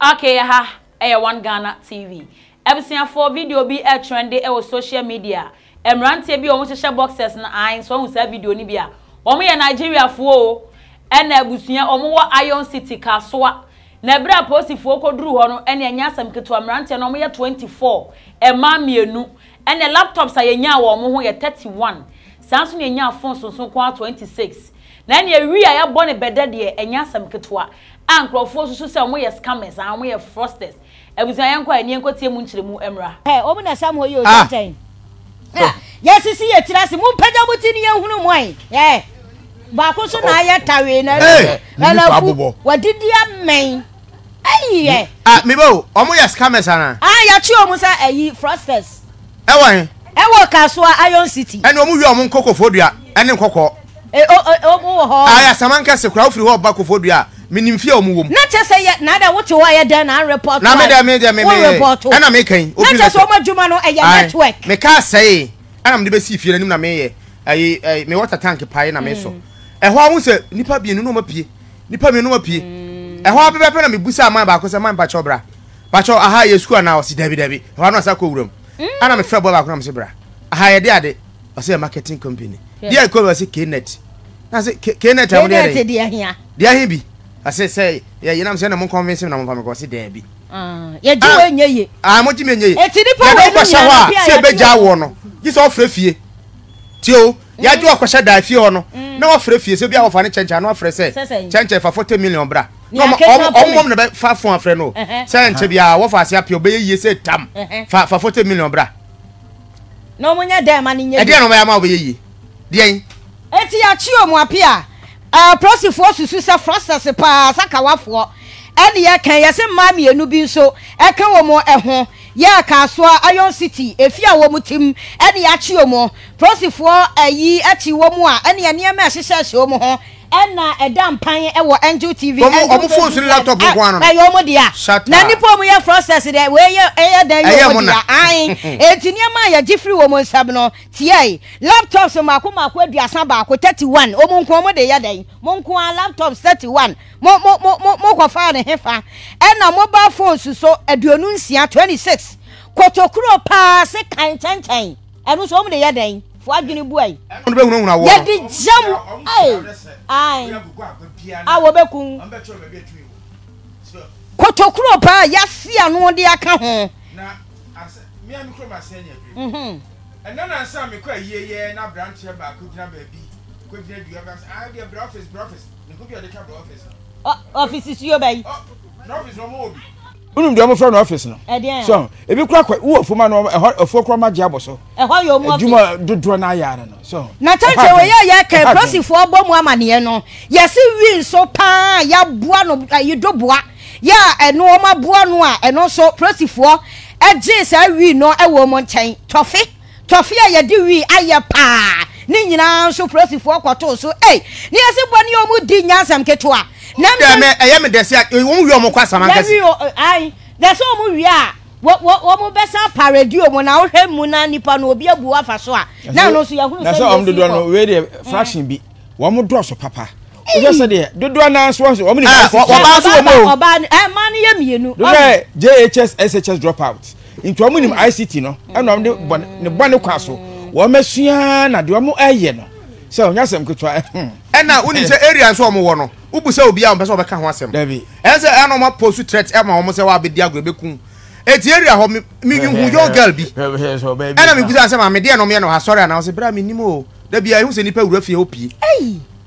okay ha ɛyɛ one ghana tv ebusuafoɔ video bi ɛtrɛnde e ɛwɔ social media mmeranteɛ bi a wɔn hyehyɛ boxers na ayin so wɔn saa video ni bi a wɔn yɛ nigeriafoɔ o ɛna abusua wɔn wɔ city kasoa na ebere a polisifoɔ hɔ no ɛna asɛm ketewa na wɔn yɛ twenty four mmienu ɛna laptops a yɛnya wɔn ho yɛ thirty one saa nso na yɛnya phone soso kwan twenty six na a yɛabɔ a nkurɔfoɔ susu sɛ ɔmo yɛ scammers a ɔmo yɛ fraudsters abusua yɛn kɔ a yɛn tie mu nkyerɛ mu mra. ɛ ɔmo na sam hɔ yi o ah. sɛ nkyɛn yɛsisi yɛ tira se mu mpɛgya mu ni yɛn hunu mu ayi ɛ baako so na ayɛ tawee na ɛnafu wadidi amɛn ayi yɛ. a ah, mibo ɔmo yɛ scammers ana. a yɛtwi ɔmo sɛ ɛyi fraudsters. ɛwɔ yen. ɛwɔ kasuwa iron city. ɛni ɔmo wi ɔmo nkɔkɔ fodua ɛni nkɔkɔ. o o mu a yɛ saman kɛse kura ofiri hɔ ɔba kofodua minim fie a wɔn wɔ na kyɛ sɛ yɛ na de wote hɔ a yɛ dɛn na an report. na mi dɛ mi dɛ mi mi ɛna mi kɛn. na kyɛ sɛ wɔn adwuma no ɛyɛ eh, network. mi kaa sɛɛ ɛna mi de bɛ si fie n'anim na mi yɛ ɛyi ɛyi mi water tank paayi na mi sɔ ɛhɔ ahun sɛ nipa mienu n'oma pie nipa mienu n'oma pie ɛhɔ mm. abɛbɛpɛ na mi bu sɛ aman baako sɛ man bakyɛw bra bakyɛw aha yɛ sukuu anaa ɔsi dɛbi dɛbi ɛhɔ anu asa kɔ wuram ɛna mm. mi fɛ bɔ baako na mi sɛ bra aha yɛ de ade ɔsɛ yɛ marketing company deɛ ɛkɔ mi ɔsɛ knet na sɛ knet ɛmu deɛ de deɛ hin bi ase sɛ yɛ yɛnam sɛ na mo convince mi na mo fa mi kɔ ɔsi dɛɛbi. yɛ ji wo enye ye. aa mo ji mi enye ye. eti nipa wo enye ye na bi a yɛ ti. sɛ ebe gya awɔ no jisɛ ɔfrɛ fie tí o yàtí ɔkɔhyɛ daa fie hɔ no na ɔfrɛ fie sɛ obi awɔfa ne kyɛnkyɛn ano afrɛ sɛ kyɛnkyɛn fa forty million bra ɔmɔm na bɛ fa fún afrɛ no sɛ nkyɛn bi a wɔfa ase apia ɔbɛyɛ yie sɛ tam fa fa forty million bra. na ɔmo nyɛ dɛm ma ni nye. ɛdeɛ eh, na ɔmo yɛ ama ɔbɛyɛ yie deɛ. eti eh, yɛ akyi omu apia. Eh, polisifoɔ susu sɛ frostas paa sakawafoɔ ɛne yɛka yɛsɛ mmaa mmienu bi nso ɛka eh, wɔn ɛho eh, yɛ akaasoa iron city efi a wɔn ti mu ɛne yɛakyi wɔn polisifoɔ ɛyi ɛkyi wɔn a ɛne nneɛma ɛhyehyɛ ɛhyɛ wɔn ho ɛna ɛda mpan ɛwɔ angel tv ɛmu ɔmu phone sini laptop nko ano ah, ɛyɛ ɔmu dea na nipa ɔmu yɛ frosters dɛ wɔyɛ ɛyɛ dɛ yɛ ɔmu dea ayin eti nneɛma a yɛgye firi wɔn nsam no tie yi laptops mako mako aduasa baako thirty one ɔmu nko ɔmu de yɛ dɛ mo nko a laptops thirty one mo mo mo mo mo kɔ fa ne hefa ɛna mobile phones so aduonu nsia twenty six kotokuro paa se kan kyɛnkyɛn ɛnu so ɔmu de yɛ dɛ amanfo adwene bu ayi yɛde gya mu ayi a wɔbɛkum kotokuro paa yasi ano de aka ho. na ase mmea mi kuro ma se anya bi. ɛnna mhm. na nsa mi kɔ ayie yɛ na aberanteɛ baako gyina baabi kɔ gyina dua baako ah deɛ bra office bra office ne ko bi a ɔde ka bra office. ɔfisi suyo bɛyi. na office na ɔmo wɔ bi unum deɛ ɔmofra no ɔfis no so ebi kura kɔ wowɔ fom a ɛhɔ ɛfuo kora magye abɔ so ɛhɔ yɛ ɔmu ɔfis adwuma dodoɔ no ara no so na tɛntɛn wɔ yɛ yɛ kɛ polisifoɔ bɔ mu amaneɛ no yɛsi wi nso paa bua no ayi do boa yɛ a ɛno wɔn aboa no a ɛno nso polisifoɔ ɛgye saa wi no ɛwɔ wɔn nkyɛn tɔfe tɔfe a di wi ayɛ paa ne nyinaa nso polisifoɔ kɔtoo so ei ne yɛsi bɔ ne yɛ ɔmo di nyansɛm ketewa. dɛmɛ ɛyɛ mi dɛsɛ wɔn wi ɔmo kɔ asama kɛse. yɛwi ayi dɛsɛ ɔmo wi a wɔn bɛsa paradio mu na ɔhwɛ mu na nipa na obi abu afa so a naanu nso yahuru sɛ yɛsi kɔ. dɛsɛ ɔmo dodoɔ no wei deɛ fraction bi wɔn dɔɔso papa ojú ẹsẹ deɛ dodoɔ anansi wɔn so wɔn nyinaa ah, sisi ɔbaa nso wɔn o ɔbaa ɛ maa ni yɛ mienu. dodoɔ jhs shs drop out nti wɔn nim ict no ɛna wɔn de bɔ ne bɔ ne kɔ wɔn mɛsua na deɛ wɔn ɛyɛ no sɛ ɔnyɛ asɛm ketewa ɛna wonim sɛ area nso ɔmo wɔ no wobu sɛ obiara ɔmpɛ sɛ ɔbɛka ho asɛm ɛn sɛ ɛna ɔmo apɔ so threat ɛma ɔmo sɛ wɔabɛdi agorɔ bɛkum eti area hɔ mi hu young girl bi ɛna mi busa asɛm a mi deɛ na ɔmo yɛ no asɔre ana ɔsɛ bra mi nim o dabi a ihu sɛ nipa wura fie hɔ pie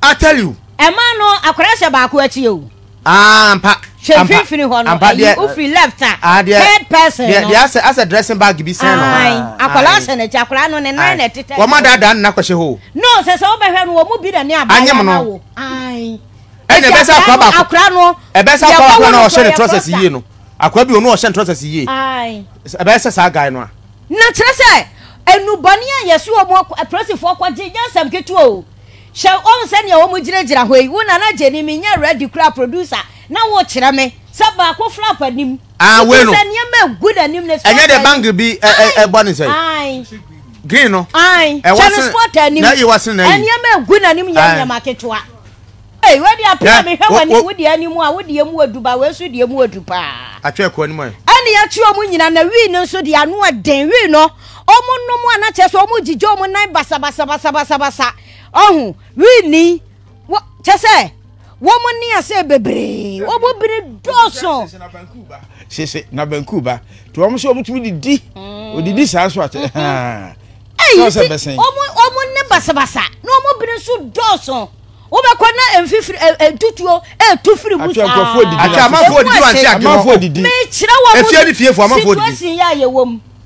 i tell you. ɛmaa no akɔrɛsɛ baako akyi o. aa ah, mpa hwɛ mfimfini hɔ no ayi ofiri left a ah, ah, third person no deɛ asɛ asɛ dressing bag bi sɛn no ah, akwaraa sɛ n'akyi akwaraa no ne nan na ɛtetɛ wɔn adaadaa nna kɔhyɛ hɔ. no sɛ sɛ wobɛhwɛ no wɔn mu bi na ne abaayewa na wo ɛna ɛbɛsɛ akwaraa baako akwaraa no ɛbɛsɛ akwaraa baako na ɔhyɛ ne trousers yie no akwaraa bi wɔn ɔhyɛ ne trousers yie ɛbɛsɛ saa guy no a. na kyerɛ sɛ enubɔni a yɛsi wɔn polisifoɔ kɔgye nyansam ketewa o hyɛ wɔn sɛ nea wɔn gyinagyina hɔ yi wɔn nana gye ne mi nyɛ redi kura producer na wɔkyerɛ me sɛ baako flap anim awe ah, no sɛ nneɛma egu n'anim na ɛnyɛ de bank bi ɛbɔ ne sɛ green no ɛwɔ sen na yi wɔ sen na yi nneɛma egu n'anim yɛ nneɛma ketewa ee wadi apia mi hwɛ wani wodi anim a wodi emu wadu ba wesu di emu wadu paa atwa ɛkɔ anim ayɛ ɛni yɛtu ɔmu nyina na wii no nso di ano ɛden wii no ɔmu nom anakyɛ so ɔmu gyigye ɔmu nan basabasabasabasa ɔhu wii ni kyɛ sɛ wɔn mu hmm. mm-hmm. ni ase bebree wɔn mu biri dɔɔso. sese na banku ba tí wɔn sɛ wɔn di, didi odidi saa so ati ɛyi ti wɔn wɔn ne basabasa na wɔn biri nso dɔɔso wobɛkɔ na mfifiri ɛtutuo ɛtu firi mu saa atwa nkurɔfoɔ didi la atwa amanfoɔ didi wa nti amanfoɔ didi mekyerɛ wɔn mu situation yɛ a yɛ wɔ mu.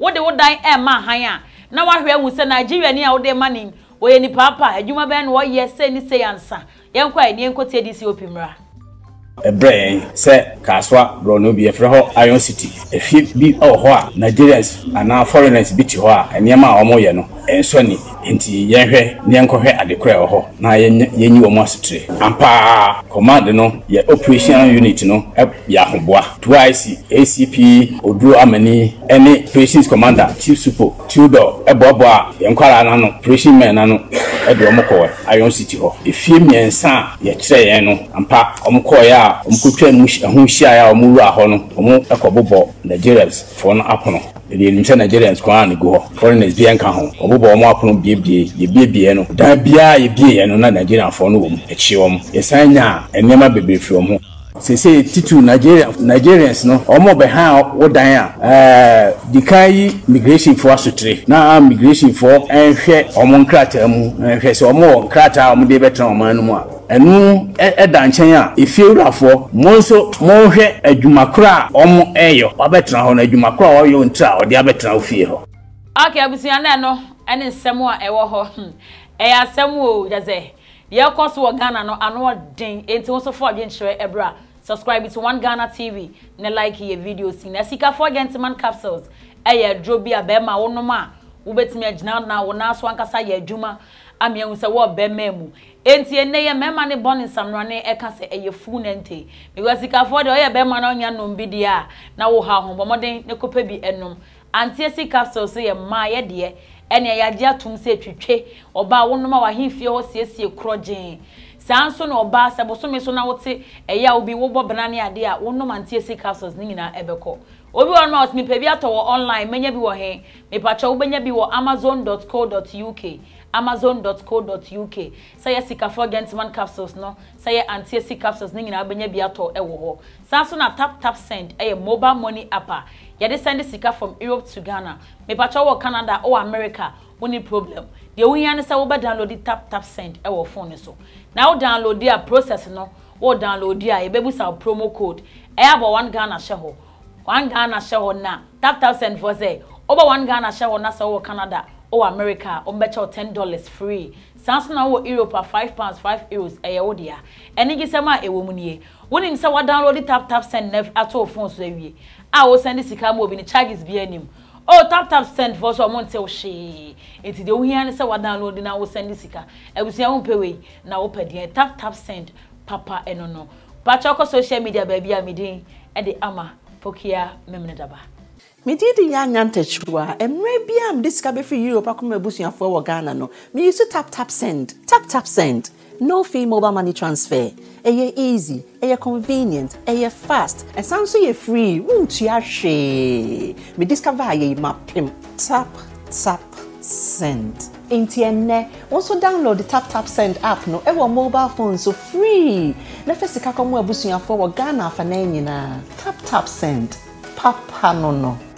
wode wo dan ɛma han a na wahwɛ ahu sɛ nigeria ni a wode ma ne wɔyɛ nipa apa adwuma bɛn na wɔyɛ sɛ ni sɛ yansa yɛnkɔ a yɛn nkɔ tie di si opi mmra ɛbrɛ sɛ kasoa borɔno bi yɛfrɛ hɔ iron city efie bi wɔ hɔ a nigerians anaa foreigners bi te hɔ a nneɛma a wɔyɛ no nsɔ ni nti ni na yɛnkɔhwɛ adekora ɛwɔ hɔ na yɛnyi wɔn asetire ampaa command no yɛ operational unit no yɛ ahoboa twic acp oduro amani ɛne operations commander chief supo tudor ɛboaboa yɛnkwara n'ano operation men n'ano ɛde wɔn kɔɔ iron city hɔ efie mmiɛnsa a yɛkyerɛ yɛn no ampa wɔn kɔɔeɛ a wɔn kotwa mu ɛho hyiaeɛ a wɔn wura hɔ no wɔn ɛkɔbobɔ nigerians foɔ no apono ɛdeɛ nim sɛ nigerians kwan ano gu hɔ foreigners bi ɛnka ho wɔn bɔ ɔmo apono biebie yɛbiebie no dan biara yɛbie yɛn no na nigeriafoɔ no wɔ mu akyi wɔn yɛsan nya nneɛma bebree firi wɔn sese titu nigeria nigerians no ɔmo bɛ ha ɔdan a ɛɛ dika yi migration foɔ asotire na migration foɔ ɛnhwɛ ɔmo nkrataa mu ɛnhwɛ sɛ ɔmo wɔ nkrataa a ɔmo de bɛtena ɔman no mu a ɛnu ɛda nkyɛn a efie wurafoɔ mo nso mo hwɛ adwumakoro a ɔmo ɛɛyɛ wabɛtena hɔ na adwumakoro a ɔyɛ ntira ɔde abɛtena fie hɔ. ok abusua náà no ɛne nsɛm a ɛwɔ hɔ ɛyɛ asɛm o yɛsɛ yɛkɔ so wɔ ghana no ano ɔden nti wɔn nso fo adwenkyerɛ ɛbrɛ a subscribe to one ghana tv ne like yɛ videos na sikafoɔ gentleman capsules ɛyɛ aduro bi a bɛrima wɔnom a wobɛtumi agyina na wɔn aso ankasa yɛ adwuma amia hu sɛ wɔ bɛrima mu nti ɛnɛ yɛ mmarima ne bɔ ne nsamrane ɛka sɛ ɛyɛ fu ne nte because sikafoɔ deɛ ɔyɛ bɛrima na ɔnya nom bi deɛ a na wɔ ha ahombɔmɔden ne kɔpɛ bi ɛnom antiesi capsules yɛ mmaa yɛ deɛ ɛne yɛagye atom sɛ twitwe ɔbaa wonom a wahemfie hɔ siesie korɔ gyee saa nso na ɔbaa sɛ bosome so na wote ɛyɛ e a obi wobɔ bena ne adeɛ a wonom antie si capsules ne nyinaa ɛbɛkɔ obi wɔ no a mepɛ bi atɔ wɔ online mɛnya bi wɔ he mepakyɛ wobɛnya bi wɔ amazon.co.uk amazon.co.uk sɛ yɛ sikafoɔ gentleman capsules no sɛ yɛ antiesi capsules ne nyinaa bɛnya bi atɔ ɛwɔ hɔ saa nso na tap tap send ɛyɛ e mobile money apa yɛde send sika from europe to ghana mepatwa wɔ canada ɔwɔ america woni problem deɛ wohia ne sɛ wobɛ download tap tap send ɛwɔ e phone so na wo download a process no wo download a yɛbɛbusa e promo code ɛyɛ e abɔ one ghana hyɛ hɔ one ghana hyɛ hɔ na tap tap send for sɛ wobɛ one ghana hyɛ hɔ na sɛ wowɔ canada ɔwɔ america ɔmbɛkyɛw ten dollars free saa na wowɔ europe a five pounds five euros ɛyɛ wo dea ɛne gyesɛm a ɛwɔ mu nie wonim sɛ wadownload tap tap send na ato wo phone so awie a wo send sika ma obi ne charges bi anim oh tap tap send for so ɔmo nte wo hyee eti deɛ wohia ne sɛ wadownload na wo send sika abusua wo mpɛ wei na wo pɛ deɛ tap tap send papa eno no bakyɛ kɔ social media baabi a meden ɛde ama pokia memne daba medin de yɛ anya e mmerɛ bi a mede be bɛfiri europe akɔma abusuafoɔ wɔ ghana no meyi so tap tap send tap, tap, send no fee mobile money transfer ɛyɛ easy ɛyɛ convenient ɛyɛ fast ɛsan so yɛ free wontua hwee me discover a yɛyi ma pem tap tap send nti ɛnɛ wɔn nso download the tap tap send app no ɛwɔ mobile phone so free na fɛ sika kɔn mu abusuafoɔ wɔ ghana afanan nyinaa tap tap send papa no no.